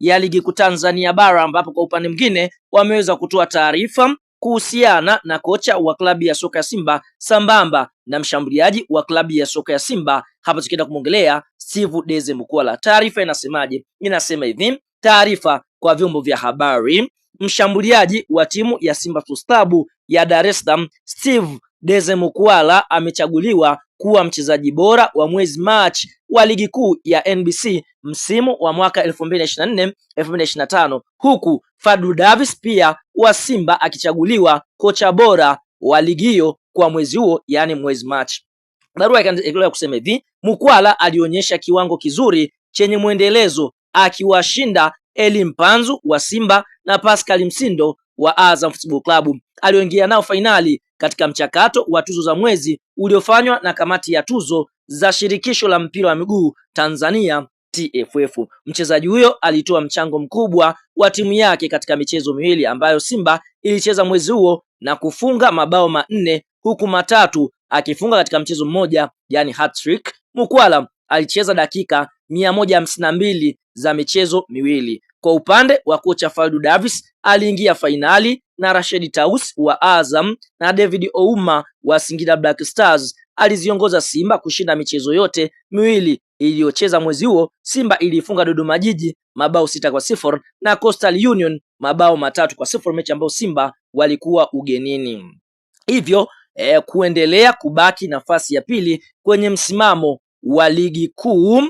ya Ligi Kuu Tanzania Bara, ambapo kwa upande mwingine wameweza kutoa taarifa kuhusiana na kocha wa klabu ya soka ya Simba sambamba na mshambuliaji wa klabu ya soka ya Simba, hapa tukienda kumwongelea Steve Deze Mukwala. Taarifa inasemaje? Inasema hivi, taarifa kwa vyombo vya habari, mshambuliaji wa timu ya Simba Sports Club ya Dar es Salaam Steve Deze Mukwala amechaguliwa kuwa mchezaji bora wa mwezi Machi wa ligi kuu ya NBC msimu wa mwaka 2024 2025, huku Fadlu Davis pia wa Simba akichaguliwa kocha bora wa ligi hiyo kwa mwezi huo, yaani mwezi Machi. Barua ikaendelea kusema hivi, Mukwala alionyesha kiwango kizuri chenye mwendelezo akiwashinda Eli Mpanzu wa Simba na Pascal Msindo wa Azam Football Club alioingia nao fainali katika mchakato wa tuzo za mwezi uliofanywa na kamati ya tuzo za shirikisho la mpira wa miguu Tanzania TFF. Mchezaji huyo alitoa mchango mkubwa wa timu yake katika michezo miwili ambayo Simba ilicheza mwezi huo na kufunga mabao manne huku matatu akifunga katika mchezo mmoja, yani hat-trick. Mukwala alicheza dakika mia moja hamsini na mbili za michezo miwili. Kwa upande wa kocha Faldu Davis aliingia fainali na Rashid Taus wa Azam na David Ouma wa Singida Black Stars aliziongoza Simba kushinda michezo yote miwili iliyocheza mwezi huo. Simba iliifunga Dodoma Jiji mabao sita kwa sifuri na Coastal Union mabao matatu kwa sifuri, mechi ambayo Simba walikuwa ugenini, hivyo eh, kuendelea kubaki nafasi ya pili kwenye msimamo wa ligi kuu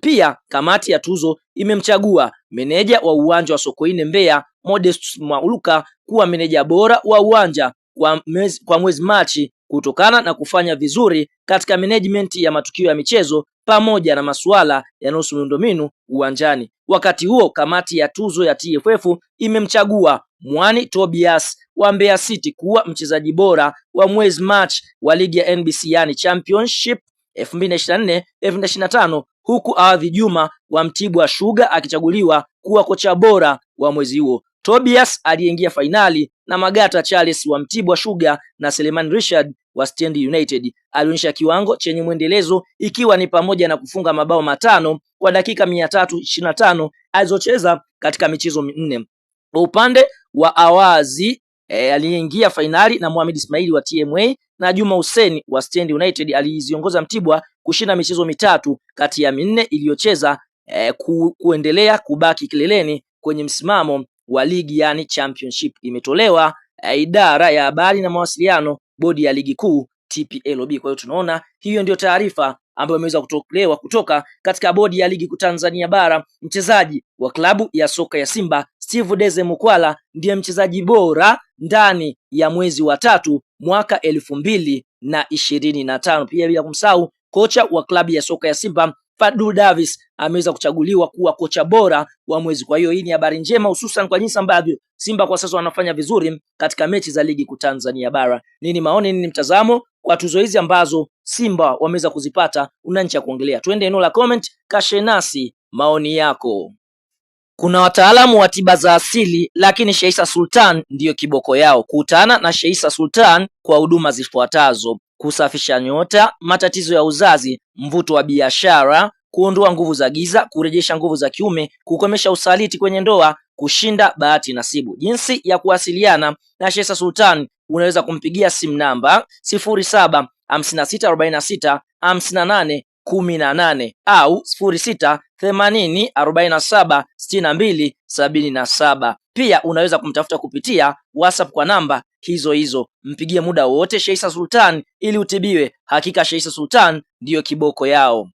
pia kamati ya tuzo imemchagua meneja wa uwanja wa Sokoine Mbeya Modest Mwaluka kuwa meneja bora wa uwanja kwa mwezi, kwa mwezi Machi kutokana na kufanya vizuri katika management ya matukio ya michezo pamoja na masuala yanayohusu miundombinu uwanjani. Wakati huo kamati ya tuzo ya TFF imemchagua Mwani Tobias wa Mbeya City kuwa mchezaji bora wa mwezi Machi wa ligi ya NBC yani Championship 2024 2025 huku Awadhi Juma wa Mtibwa Sugar akichaguliwa kuwa kocha bora wa mwezi huo. Tobias aliyeingia fainali na Magata Charles wa Mtibwa Sugar na Seleman Richard wa Stand United alionyesha kiwango chenye mwendelezo ikiwa ni pamoja na kufunga mabao matano kwa dakika mia tatu ishirini na tano alizocheza katika michezo minne. Kwa upande wa Awazi e, aliingia fainali na Mohamed Ismail wa TMA na Juma Hussein wa Stand United aliziongoza Mtibwa kushinda michezo mitatu kati ya minne iliyocheza e, ku, kuendelea kubaki kileleni kwenye msimamo wa ligi yani championship. Imetolewa e, idara ya habari na mawasiliano bodi ya ligi kuu TPLB. Kwa hiyo tunaona hiyo ndio taarifa ambayo imeweza kutolewa kutoka katika bodi ya ligi kuu Tanzania bara. Mchezaji wa klabu ya soka ya Simba Steve Deze Mukwala ndiye mchezaji bora ndani ya mwezi wa tatu mwaka elfu mbili na ishirini na tano. Pia bila kumsahau kocha wa klabu ya soka ya Simba Fadlu Davis ameweza kuchaguliwa kuwa kocha bora wa mwezi. Kwa hiyo hii ni habari njema, hususan kwa jinsi ambavyo Simba kwa sasa wanafanya vizuri katika mechi za ligi kuu Tanzania bara. Nini maoni, nini mtazamo kwa tuzo hizi ambazo Simba wameweza kuzipata? Una nchi ya kuongelea? Twende eneo la comment, kashe nasi maoni yako. Kuna wataalamu wa tiba za asili lakini Sheisa Sultan ndiyo kiboko yao. Kutana na Sheisa Sultan kwa huduma zifuatazo: kusafisha nyota, matatizo ya uzazi, mvuto wa biashara, kuondoa nguvu za giza, kurejesha nguvu za kiume, kukomesha usaliti kwenye ndoa, kushinda bahati nasibu. Jinsi ya kuwasiliana na Sheisa Sultan, unaweza kumpigia simu namba sifuri au sifuri sitini saba. Pia unaweza kumtafuta kupitia WhatsApp kwa namba hizo hizo, mpigie muda wote Sheisa Sultan ili utibiwe. Hakika Sheisa Sultan ndiyo kiboko yao.